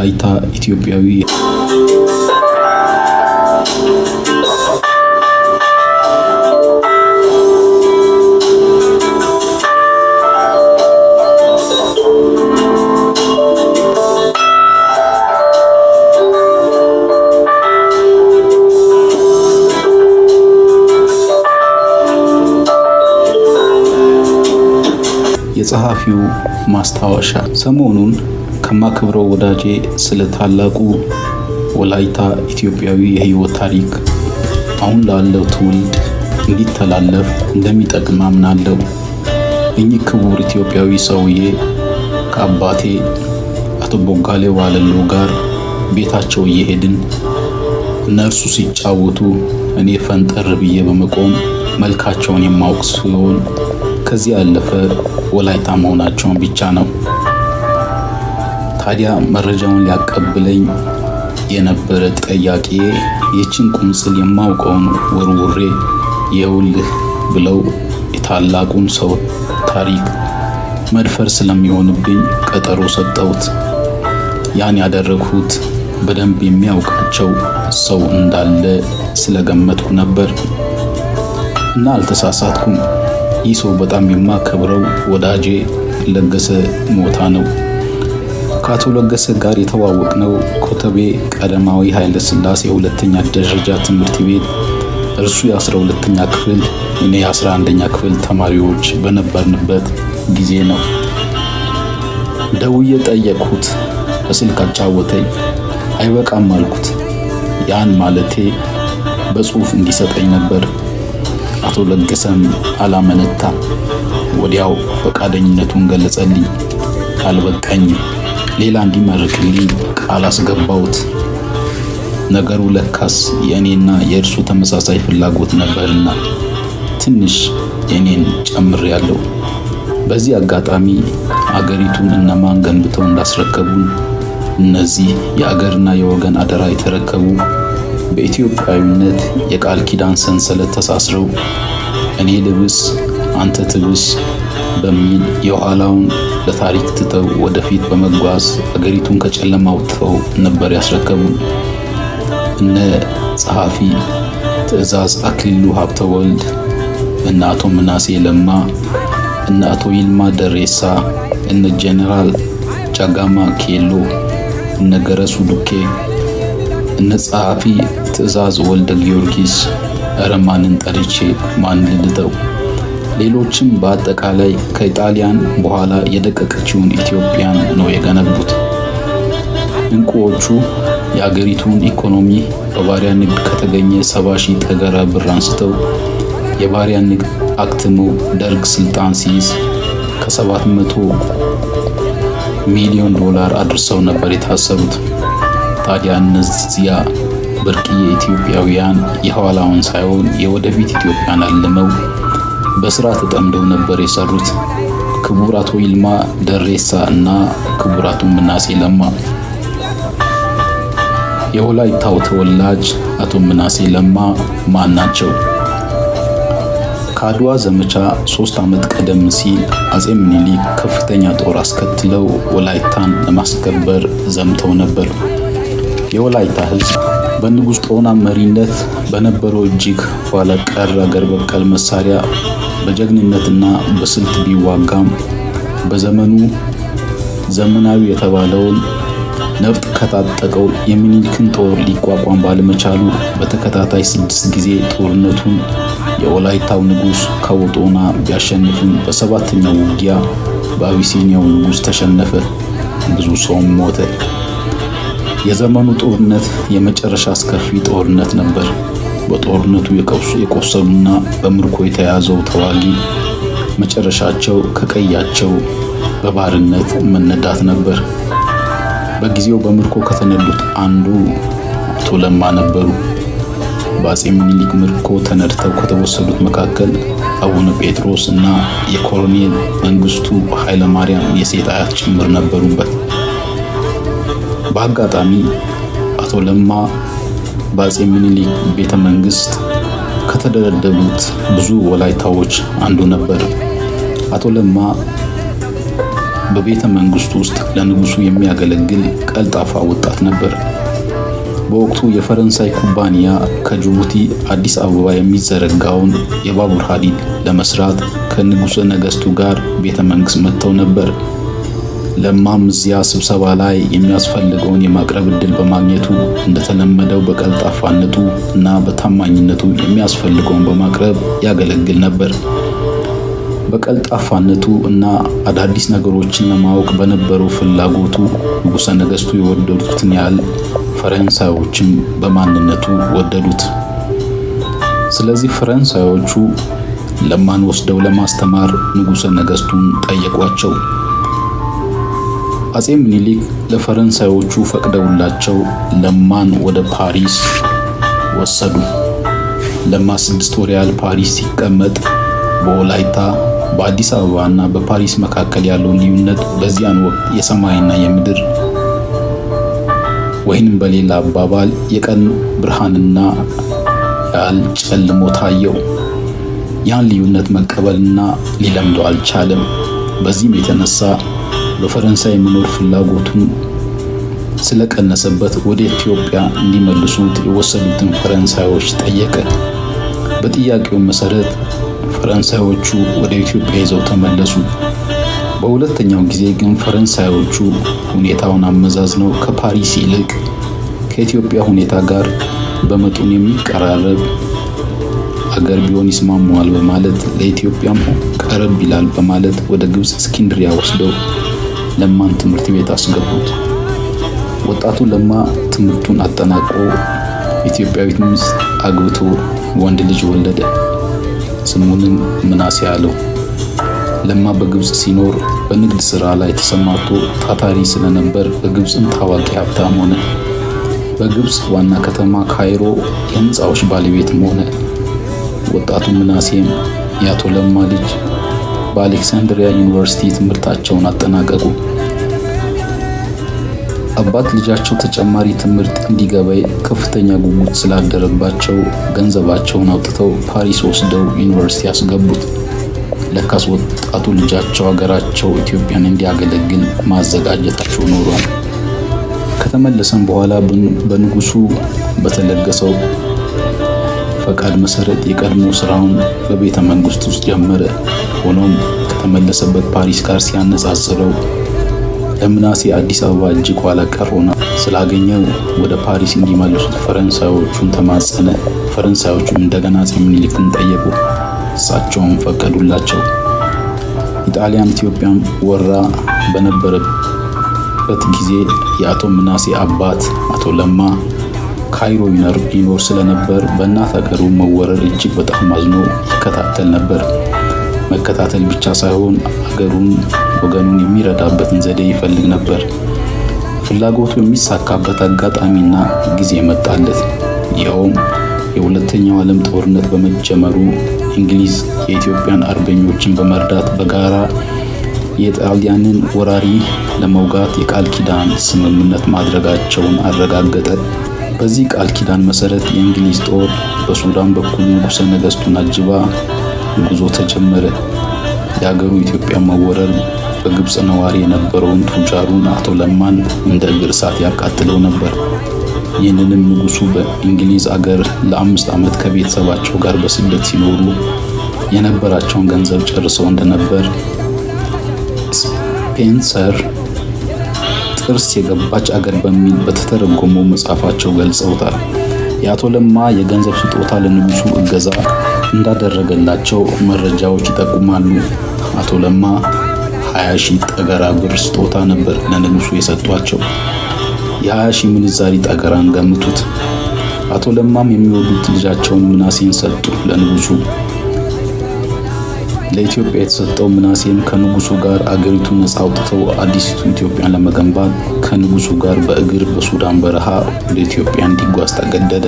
ወላይታ ኢትዮጵያዊ የጸሐፊው ማስታወሻ ሰሞኑን ከማክብረው ወዳጄ ስለ ታላቁ ወላይታ ኢትዮጵያዊ የህይወት ታሪክ አሁን ላለው ትውልድ እንዲተላለፍ እንደሚጠቅም አምናለሁ። እኚህ ክቡር ኢትዮጵያዊ ሰውዬ ከአባቴ አቶ ቦጋሌ ዋለሎ ጋር ቤታቸው እየሄድን እነርሱ ሲጫወቱ እኔ ፈንጠር ብዬ በመቆም መልካቸውን የማወቅ ሲሆን ከዚህ ያለፈ ወላይታ መሆናቸውን ብቻ ነው። ታዲያ መረጃውን ሊያቀብለኝ የነበረ ጠያቂ ይህችን ቁምጽል የማውቀውን ወርውሬ የውልህ ብለው የታላቁን ሰው ታሪክ መድፈር ስለሚሆንብኝ ቀጠሮ ሰጠሁት። ያን ያደረግሁት በደንብ የሚያውቃቸው ሰው እንዳለ ስለገመትኩ ነበር እና አልተሳሳትኩም። ይህ ሰው በጣም የማከብረው ወዳጄ ለገሰ ሞታ ነው። ከአቶ ለገሰ ጋር የተዋወቅነው ኮተቤ ቀደማዊ ኃይለ ሥላሴ ሁለተኛ ደረጃ ትምህርት ቤት እርሱ የ12ኛ ክፍል እኔ የ11ኛ ክፍል ተማሪዎች በነበርንበት ጊዜ ነው። ደውዬ ጠየቅሁት፣ በስልክ አጫወተኝ። አይበቃም አልኩት። ያን ማለቴ በጽሁፍ እንዲሰጠኝ ነበር። አቶ ለገሰም አላመነታም። ወዲያው ፈቃደኝነቱን ገለጸልኝ። አልበቃኝም። ሌላ እንዲመርቅልኝ ቃል አስገባሁት። ነገሩ ለካስ የእኔና የእርሱ ተመሳሳይ ፍላጎት ነበርና ትንሽ የእኔን ጨምር ያለው። በዚህ አጋጣሚ አገሪቱን እነማን ገንብተው እንዳስረከቡን እነዚህ የአገርና የወገን አደራ የተረከቡ በኢትዮጵያዊነት የቃል ኪዳን ሰንሰለት ተሳስረው እኔ ልብስ አንተ ትብስ በሚል የኋላውን ለታሪክ ትተው ወደፊት በመጓዝ አገሪቱን ከጨለማ አውጥተው ነበር ያስረከቡን። እነ ጸሐፊ ትዕዛዝ አክሊሉ ሀብተ ወልድ፣ እነ አቶ ምናሴ ለማ፣ እነ አቶ ይልማ ደሬሳ፣ እነ ጀኔራል ጃጋማ ኬሎ፣ እነ ገረሱ ዱኬ፣ እነ ጸሐፊ ትዕዛዝ ወልደ ጊዮርጊስ እረ ማንን ጠርቼ ማን ሌሎችም በአጠቃላይ ከኢጣሊያን በኋላ የደቀቀችውን ኢትዮጵያን ነው የገነቡት። እንቁዎቹ የአገሪቱን ኢኮኖሚ በባሪያ ንግድ ከተገኘ 7 ሺህ ጠገራ ብር አንስተው የባሪያ ንግድ አክትሙ ደርግ ስልጣን ሲይዝ ከ700 ሚሊዮን ዶላር አድርሰው ነበር የታሰሩት። ታዲያ እነዚያ ብርቅዬ ኢትዮጵያውያን የኋላውን ሳይሆን የወደፊት ኢትዮጵያን አልመው በስራ ተጠምደው ነበር የሰሩት። ክቡር አቶ ይልማ ደሬሳ እና ክቡር አቶ ምናሴ ለማ። የወላይታው ተወላጅ አቶ ምናሴ ለማ ማን ናቸው? ከአድዋ ዘመቻ ሶስት ዓመት ቀደም ሲል አጼ ምኒልክ ከፍተኛ ጦር አስከትለው ወላይታን ለማስከበር ዘምተው ነበር። የወላይታ ሕዝብ በንጉሥ ጦና መሪነት በነበረው እጅግ ኋላ ቀር አገር በቀል መሳሪያ በጀግንነትና በስልት ቢዋጋም በዘመኑ ዘመናዊ የተባለውን ነፍጥ ከታጠቀው የሚኒልክን ጦር ሊቋቋም ባለመቻሉ በተከታታይ ስድስት ጊዜ ጦርነቱን የወላይታው ንጉሥ ካወጦና ቢያሸንፍም በሰባተኛው ውጊያ በአቢሲኒያው ንጉሥ ተሸነፈ፣ ብዙ ሰውም ሞተ። የዘመኑ ጦርነት የመጨረሻ አስከፊ ጦርነት ነበር። በጦርነቱ የቆሰሉና በምርኮ የተያዘው ተዋጊ መጨረሻቸው ከቀያቸው በባርነት መነዳት ነበር። በጊዜው በምርኮ ከተነዱት አንዱ አቶ ለማ ነበሩ። በአጼ ምኒልክ ምርኮ ተነድተው ከተወሰዱት መካከል አቡነ ጴጥሮስ እና የኮሎኔል መንግስቱ ኃይለማርያም የሴት አያት ጭምር ነበሩበት። በአጋጣሚ አቶ ለማ በአጼ ምኒልክ ቤተ መንግስት ከተደለደሉት ብዙ ወላይታዎች አንዱ ነበር። አቶ ለማ በቤተ መንግስቱ ውስጥ ለንጉሱ የሚያገለግል ቀልጣፋ ወጣት ነበር። በወቅቱ የፈረንሳይ ኩባንያ ከጅቡቲ አዲስ አበባ የሚዘረጋውን የባቡር ሀዲድ ለመስራት ከንጉሠ ነገሥቱ ጋር ቤተ መንግሥት መጥተው ነበር። ለማም እዚያ ስብሰባ ላይ የሚያስፈልገውን የማቅረብ እድል በማግኘቱ እንደተለመደው በቀልጣፋነቱ እና በታማኝነቱ የሚያስፈልገውን በማቅረብ ያገለግል ነበር። በቀልጣፋነቱ እና አዳዲስ ነገሮችን ለማወቅ በነበረው ፍላጎቱ ንጉሠ ነገሥቱ የወደዱትን ያህል ፈረንሳዮችም በማንነቱ ወደዱት። ስለዚህ ፈረንሳዮቹ ለማን ወስደው ለማስተማር ንጉሠ ነገሥቱን ጠየቋቸው። አጼ ምኒልክ ለፈረንሳዮቹ ፈቅደውላቸው ለማን ወደ ፓሪስ ወሰዱ። ለማ ስድስት ወር ያህል ፓሪስ ሲቀመጥ በወላይታ በአዲስ አበባ እና በፓሪስ መካከል ያለውን ልዩነት በዚያን ወቅት የሰማይና የምድር ወይንም በሌላ አባባል የቀን ብርሃንና ያህል ጨልሞ ታየው። ያን ልዩነት መቀበልና ሊለምደው አልቻለም። በዚህም የተነሳ በፈረንሳይ የመኖር ፍላጎቱን ስለቀነሰበት ወደ ኢትዮጵያ እንዲመልሱት የወሰዱትን ፈረንሳዮች ጠየቀ። በጥያቄው መሰረት ፈረንሳዮቹ ወደ ኢትዮጵያ ይዘው ተመለሱ። በሁለተኛው ጊዜ ግን ፈረንሳዮቹ ሁኔታውን አመዛዝነው ከፓሪስ ይልቅ ከኢትዮጵያ ሁኔታ ጋር በመጠኑ የሚቀራረብ አገር ቢሆን ይስማመዋል በማለት ለኢትዮጵያም ቀረብ ይላል በማለት ወደ ግብፅ እስክንድሪያ ወስደው ለማን ትምህርት ቤት አስገቡት። ወጣቱ ለማ ትምህርቱን አጠናቆ ኢትዮጵያዊት ሚስት አግብቶ ወንድ ልጅ ወለደ። ስሙንም ምናሴ አለው። ለማ በግብፅ ሲኖር በንግድ ሥራ ላይ ተሰማርቶ ታታሪ ስለነበር በግብፅም ታዋቂ ሀብታም ሆነ። በግብፅ ዋና ከተማ ካይሮ የህንፃዎች ባለቤትም ሆነ። ወጣቱ ምናሴም የአቶ ለማ ልጅ በአሌክሳንድሪያ ዩኒቨርሲቲ ትምህርታቸውን አጠናቀቁ። አባት ልጃቸው ተጨማሪ ትምህርት እንዲገባይ ከፍተኛ ጉጉት ስላደረባቸው ገንዘባቸውን አውጥተው ፓሪስ ወስደው ዩኒቨርሲቲ ያስገቡት። ለካስ ወጣቱ ልጃቸው ሀገራቸው ኢትዮጵያን እንዲያገለግል ማዘጋጀታቸው ኖሯል። ከተመለሰም በኋላ በንጉሱ በተለገሰው ፈቃድ መሰረት የቀድሞ ስራውን በቤተ መንግስት ውስጥ ጀመረ። ሆኖም ከተመለሰበት ፓሪስ ጋር ሲያነጻጽረው ለምናሴ አዲስ አበባ እጅግ ኋላ ቀር ሆና ስላገኘው ወደ ፓሪስ እንዲመልሱት ፈረንሳዮቹን ተማጸነ። ፈረንሳዮቹም እንደገና አፄ ምኒልክን ጠየቁ። እሳቸውም ፈቀዱላቸው። ኢጣሊያን ኢትዮጵያን ወራ በነበረበት ጊዜ የአቶ ምናሴ አባት አቶ ለማ ካይሮ ይኖር ስለነበር በእናት ሀገሩ መወረር እጅግ በጣም አዝኖ ይከታተል ነበር። መከታተል ብቻ ሳይሆን አገሩን፣ ወገኑን የሚረዳበትን ዘዴ ይፈልግ ነበር። ፍላጎቱ የሚሳካበት አጋጣሚና ጊዜ መጣለት። ይኸውም የሁለተኛው ዓለም ጦርነት በመጀመሩ እንግሊዝ የኢትዮጵያን አርበኞችን በመርዳት በጋራ የጣሊያንን ወራሪ ለመውጋት የቃል ኪዳን ስምምነት ማድረጋቸውን አረጋገጠ። በዚህ ቃል ኪዳን መሰረት የእንግሊዝ ጦር በሱዳን በኩል ንጉሠ ነገሥቱን አጅባ ጉዞ ተጀመረ። የሀገሩ ኢትዮጵያ መወረር በግብፅ ነዋሪ የነበረውን ቱጃሩን አቶ ለማን እንደ እግር እሳት ያቃጥለው ነበር። ይህንንም ንጉሱ በእንግሊዝ አገር ለአምስት ዓመት ከቤተሰባቸው ጋር በስደት ሲኖሩ የነበራቸውን ገንዘብ ጨርሰው እንደነበር ስፔንሰር ቅርስ የገባች አገር በሚል በተተረጎመው መጽሐፋቸው ገልጸውታል። የአቶ ለማ የገንዘብ ስጦታ ለንጉሱ እገዛ እንዳደረገላቸው መረጃዎች ይጠቁማሉ። አቶ ለማ 20 ሺህ ጠገራ ብር ስጦታ ነበር ለንጉሱ የሰጧቸው። የ20 ሺህ ምንዛሪ ጠገራን ገምቱት። አቶ ለማም የሚወዱት ልጃቸውን ምናሴን ሰጡ ለንጉሱ። ለኢትዮጵያ የተሰጠው ምናሴም ከንጉሱ ጋር አገሪቱን ነጻ አውጥተው አዲሲቱ ኢትዮጵያን ለመገንባት ከንጉሱ ጋር በእግር በሱዳን በረሃ ወደ ኢትዮጵያ እንዲጓዝ ተገደደ።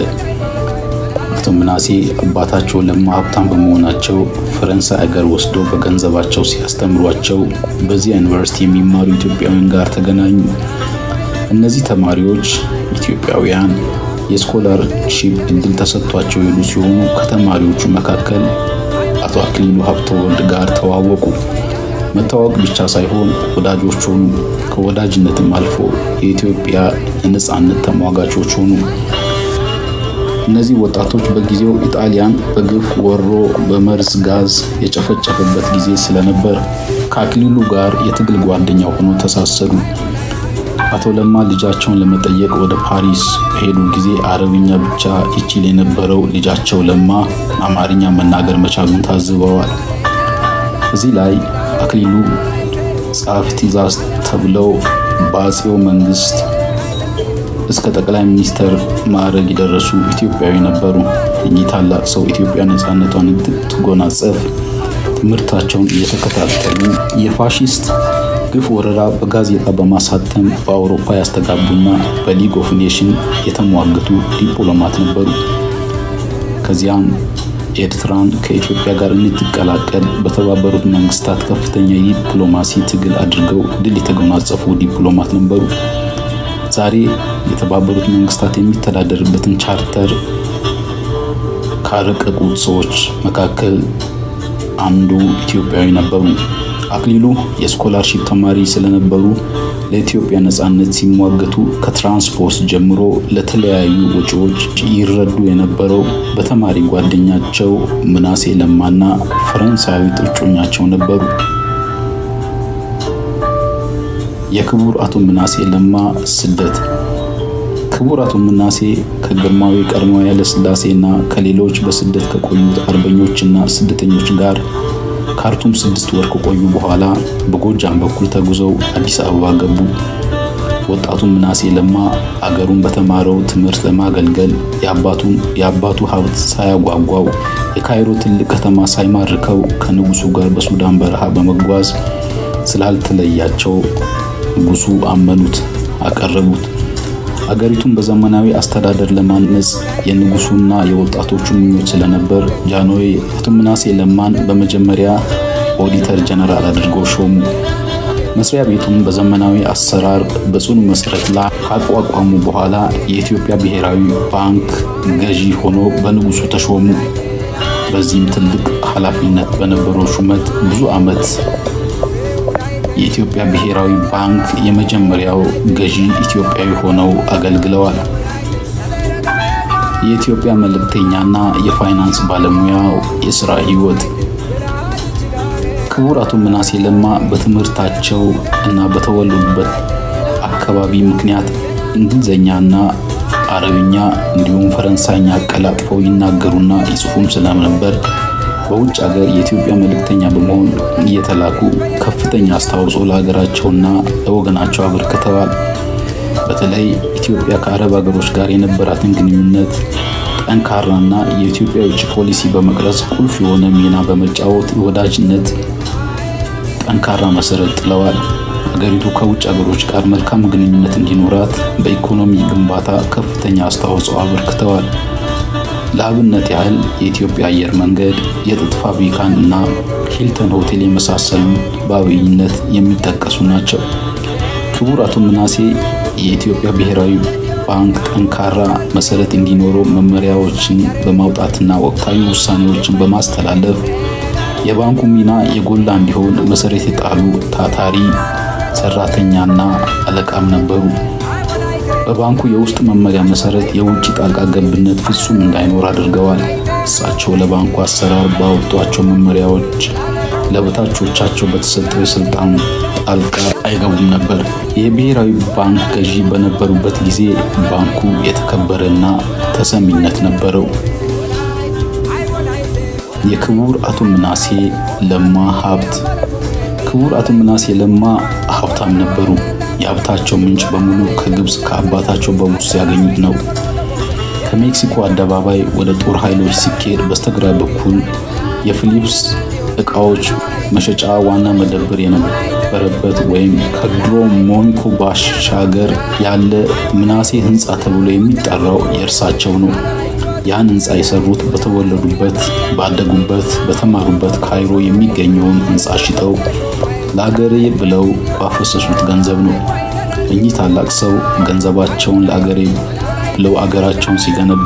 አቶ ምናሴ አባታቸው ለማ ሀብታም በመሆናቸው ፈረንሳይ አገር ወስዶ በገንዘባቸው ሲያስተምሯቸው በዚያ ዩኒቨርሲቲ የሚማሩ ኢትዮጵያውያን ጋር ተገናኙ። እነዚህ ተማሪዎች ኢትዮጵያውያን የስኮላርሺፕ እድል ተሰጥቷቸው የሉ ሲሆኑ ከተማሪዎቹ መካከል አቶ አክሊሉ ሀብተወልድ ጋር ተዋወቁ። መተዋወቅ ብቻ ሳይሆን ወዳጆቹን ከወዳጅነትም አልፎ የኢትዮጵያ ነፃነት ተሟጋቾች ሆኑ። እነዚህ ወጣቶች በጊዜው ኢጣሊያን በግፍ ወሮ በመርዝ ጋዝ የጨፈጨፈበት ጊዜ ስለነበር ከአክሊሉ ጋር የትግል ጓደኛ ሆኖ ተሳሰሩ። አቶ ለማ ልጃቸውን ለመጠየቅ ወደ ፓሪስ በሄዱ ጊዜ አረብኛ ብቻ ይችል የነበረው ልጃቸው ለማ አማርኛ መናገር መቻሉን ታዝበዋል። እዚህ ላይ አክሊሉ ጸሐፊ ትእዛዝ ተብለው በአጼው መንግስት እስከ ጠቅላይ ሚኒስተር ማዕረግ የደረሱ ኢትዮጵያዊ ነበሩ። እኚህ ታላቅ ሰው ኢትዮጵያ ነፃነቷን እንድትጎናጸፍ ምርታቸውን እየተከታተሉ የፋሺስት ግፍ ወረራ በጋዜጣ በማሳተም በአውሮፓ ያስተጋቡና በሊግ ኦፍ ኔሽን የተሟገቱ ዲፕሎማት ነበሩ። ከዚያም ኤርትራን ከኢትዮጵያ ጋር እንድትቀላቀል በተባበሩት መንግስታት ከፍተኛ የዲፕሎማሲ ትግል አድርገው ድል የተጎናጸፉ ዲፕሎማት ነበሩ። ዛሬ የተባበሩት መንግስታት የሚተዳደርበትን ቻርተር ካረቀቁት ሰዎች መካከል አንዱ ኢትዮጵያዊ ነበሩ። አክሊሉ የስኮላርሺፕ ተማሪ ስለነበሩ ለኢትዮጵያ ነጻነት ሲሟገቱ ከትራንስፖርት ጀምሮ ለተለያዩ ወጪዎች ይረዱ የነበረው በተማሪ ጓደኛቸው ምናሴ ለማና ፈረንሳዊ እጮኛቸው ነበሩ። የክቡር አቶ ምናሴ ለማ ስደት ክቡራቱ ምናሴ ከግርማዊ ቀድሞ ኃይለ ሥላሴና ከሌሎች በስደት ከቆዩት አርበኞችና ስደተኞች ጋር ካርቱም ስድስት ወር ከቆዩ በኋላ በጎጃም በኩል ተጉዘው አዲስ አበባ ገቡ። ወጣቱ ምናሴ ለማ አገሩን በተማረው ትምህርት ለማገልገል የአባቱ ሀብት ሳያጓጓው የካይሮ ትልቅ ከተማ ሳይማርከው ከንጉሱ ጋር በሱዳን በረሃ በመጓዝ ስላልተለያቸው ንጉሱ አመኑት፣ አቀረቡት። ሀገሪቱን በዘመናዊ አስተዳደር ለማነጽ የንጉሱና የወጣቶቹ ምኞት ስለነበር ጃንሆይ አቶ ምናሴ ለማን በመጀመሪያ ኦዲተር ጀነራል አድርገው ሾሙ። መስሪያ ቤቱም በዘመናዊ አሰራር በጽኑ መሰረት ላይ ካቋቋሙ በኋላ የኢትዮጵያ ብሔራዊ ባንክ ገዢ ሆኖ በንጉሱ ተሾሙ። በዚህም ትልቅ ኃላፊነት በነበረው ሹመት ብዙ ዓመት የኢትዮጵያ ብሔራዊ ባንክ የመጀመሪያው ገዢ ኢትዮጵያዊ ሆነው አገልግለዋል። የኢትዮጵያ መልእክተኛና የፋይናንስ ባለሙያው የሥራ ሕይወት ክቡር አቶ ምናሴ ለማ በትምህርታቸው እና በተወለዱበት አካባቢ ምክንያት ና አረብኛ እንዲሁም ፈረንሳይኛ አቀላጥፈው ይናገሩና ይጽፉም ስለነበር በውጭ ሀገር የኢትዮጵያ መልእክተኛ በመሆን እየተላኩ ከፍተኛ አስተዋጽኦ ለሀገራቸውና ለወገናቸው አበርክተዋል። በተለይ ኢትዮጵያ ከአረብ ሀገሮች ጋር የነበራትን ግንኙነት ጠንካራና የኢትዮጵያ የውጭ ፖሊሲ በመቅረጽ ቁልፍ የሆነ ሚና በመጫወት ወዳጅነት ጠንካራ መሰረት ጥለዋል። ሀገሪቱ ከውጭ ሀገሮች ጋር መልካም ግንኙነት እንዲኖራት በኢኮኖሚ ግንባታ ከፍተኛ አስተዋጽኦ አበርክተዋል። ለአብነት ያህል የኢትዮጵያ አየር መንገድ፣ የጥጥ ፋብሪካን እና ሂልተን ሆቴል የመሳሰሉን በአብይነት የሚጠቀሱ ናቸው። ክቡር አቶ ምናሴ የኢትዮጵያ ብሔራዊ ባንክ ጠንካራ መሰረት እንዲኖረው መመሪያዎችን በማውጣትና ወቅታዊ ውሳኔዎችን በማስተላለፍ የባንኩ ሚና የጎላ እንዲሆን መሰረት የጣሉ ታታሪ ሰራተኛና አለቃም ነበሩ። በባንኩ የውስጥ መመሪያ መሰረት የውጭ ጣልቃ ገብነት ፍጹም እንዳይኖር አድርገዋል። እሳቸው ለባንኩ አሰራር ባወጧቸው መመሪያዎች ለበታቾቻቸው በተሰጠው የስልጣን ጣልቃ አይገቡም ነበር። የብሔራዊ ባንክ ገዢ በነበሩበት ጊዜ ባንኩ የተከበረና ተሰሚነት ነበረው። የክቡር አቶ ምናሴ ለማ ሀብት ክቡር አቶ ምናሴ ለማ ሀብታም ነበሩ። የሀብታቸው ምንጭ በሙሉ ከግብፅ ከአባታቸው በሙሴ ያገኙት ነው። ከሜክሲኮ አደባባይ ወደ ጦር ኃይሎች ሲኬድ በስተግራ በኩል የፊሊፕስ እቃዎች መሸጫ ዋና መደብር የነበረበት ወይም ከድሮ ሞንኮ ባሻገር ያለ ምናሴ ሕንፃ ተብሎ የሚጠራው የእርሳቸው ነው። ያን ህንፃ የሰሩት በተወለዱበት፣ ባደጉበት፣ በተማሩበት ካይሮ የሚገኘውን ሕንፃ ሽጠው ለአገሬ ብለው ባፈሰሱት ገንዘብ ነው። እኚህ ታላቅ ሰው ገንዘባቸውን ለአገሬ ብለው አገራቸውን ሲገነቡ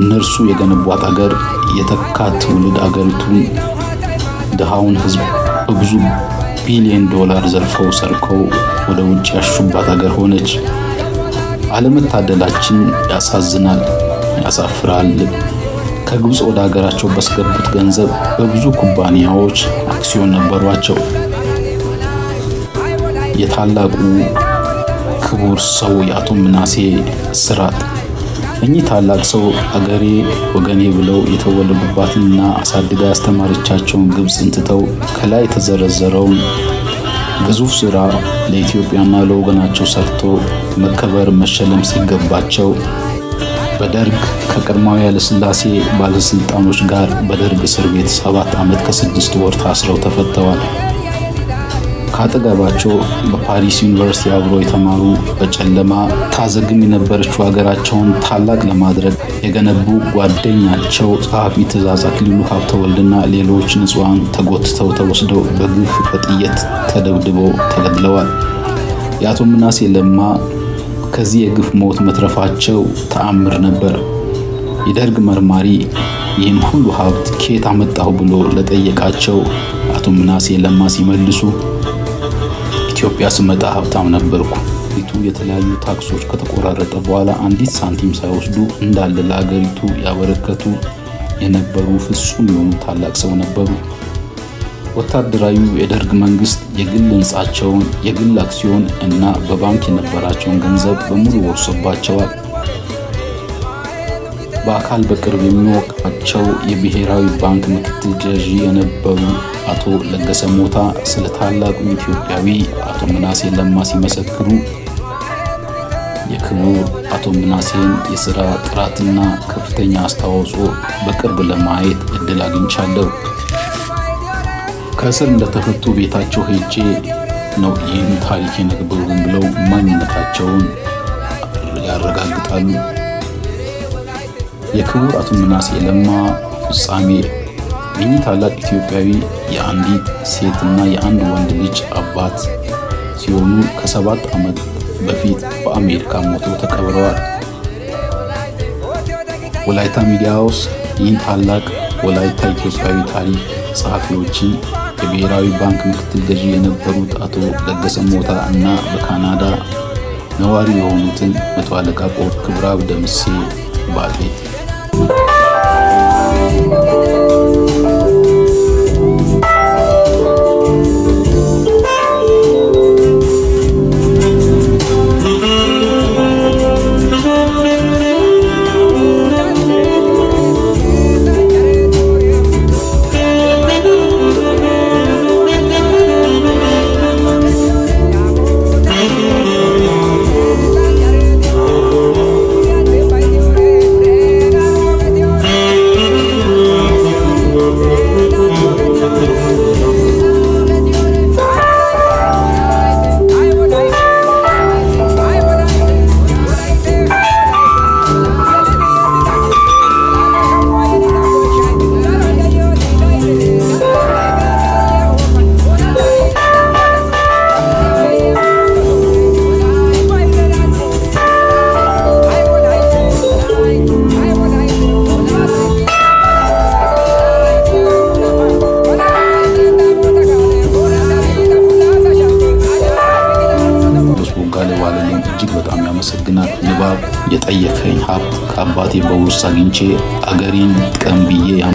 እነርሱ የገነቧት አገር የተካ ትውልድ አገሪቱን ድሃውን ህዝብ በብዙ ቢሊዮን ዶላር ዘርፈው ሰርከው ወደ ውጭ ያሹባት አገር ሆነች። አለመታደላችን ያሳዝናል፣ ያሳፍራል። ከግብፅ ወደ አገራቸው ባስገቡት ገንዘብ በብዙ ኩባንያዎች አክሲዮን ነበሯቸው። የታላቁ ክቡር ሰው የአቶ ምናሴ ስራት እኚህ ታላቅ ሰው አገሬ ወገኔ ብለው የተወለዱባትንና አሳድጋ ያስተማረቻቸውን ግብፅን ትተው ከላይ የተዘረዘረውን ግዙፍ ስራ ለኢትዮጵያና ለወገናቸው ሰርቶ መከበር መሸለም ሲገባቸው በደርግ ከቀድማዊ ኃይለሥላሴ ባለስልጣኖች ጋር በደርግ እስር ቤት ሰባት ዓመት ከስድስት ወር ታስረው ተፈተዋል። ካጠገባቸው በፓሪስ ዩኒቨርሲቲ አብሮ የተማሩ በጨለማ ታዘግም የነበረችው ሀገራቸውን ታላቅ ለማድረግ የገነቡ ጓደኛቸው ጸሐፊ ትእዛዝ አክሊሉ ሀብተወልድና ሌሎች ንጹሐን ተጎትተው ተወስደው በግፍ በጥይት ተደብድበው ተገድለዋል። የአቶ ምናሴ ለማ ከዚህ የግፍ ሞት መትረፋቸው ተአምር ነበር። የደርግ መርማሪ ይህን ሁሉ ሀብት ከየት አመጣሁ ብሎ ለጠየቃቸው አቶ ምናሴ ለማ ሲመልሱ ኢትዮጵያ ስመጣ ሀብታም ነበርኩ። ቱ የተለያዩ ታክሶች ከተቆራረጠ በኋላ አንዲት ሳንቲም ሳይወስዱ እንዳለ ለሀገሪቱ ያበረከቱ የነበሩ ፍጹም የሆኑ ታላቅ ሰው ነበሩ። ወታደራዊ የደርግ መንግስት የግል ህንፃቸውን፣ የግል አክሲዮን እና በባንክ የነበራቸውን ገንዘብ በሙሉ ወርሶባቸዋል። በአካል በቅርብ የሚወቃቸው የብሔራዊ ባንክ ምክትል ገዢ የነበሩ አቶ ለገሰ ሞታ ስለ ታላቁ ኢትዮጵያዊ አቶ ምናሴ ለማ ሲመሰክሩ የክቡር አቶ ምናሴን የሥራ ጥራትና ከፍተኛ አስተዋጽኦ በቅርብ ለማየት እድል አግኝቻለሁ። ከእስር እንደተፈቱ ቤታቸው ሄጄ ነው ይህን ታሪክ የነግበሩን ብለው ማንነታቸውን ያረጋግጣሉ። የክቡር አቶ ምናሴ ለማ ፍጻሜ ይህ ታላቅ ኢትዮጵያዊ የአንዲት ሴትና የአንድ ወንድ ልጅ አባት ሲሆኑ ከሰባት ዓመት በፊት በአሜሪካ ሞቶ ተቀብረዋል። ወላይታ ሚዲያ ሃውስ ይህን ታላቅ ወላይታ ኢትዮጵያዊ ታሪክ ጸሐፊዎችን የብሔራዊ ባንክ ምክትል ገዢ የነበሩት አቶ ለገሰ ሞታ እና በካናዳ ነዋሪ የሆኑትን መቶ አለቃ ቆብ ክብራብ ደምሴ ባለቤት አባቴ በውርስ አግኝቼ አገሬን ጥቀም ብዬ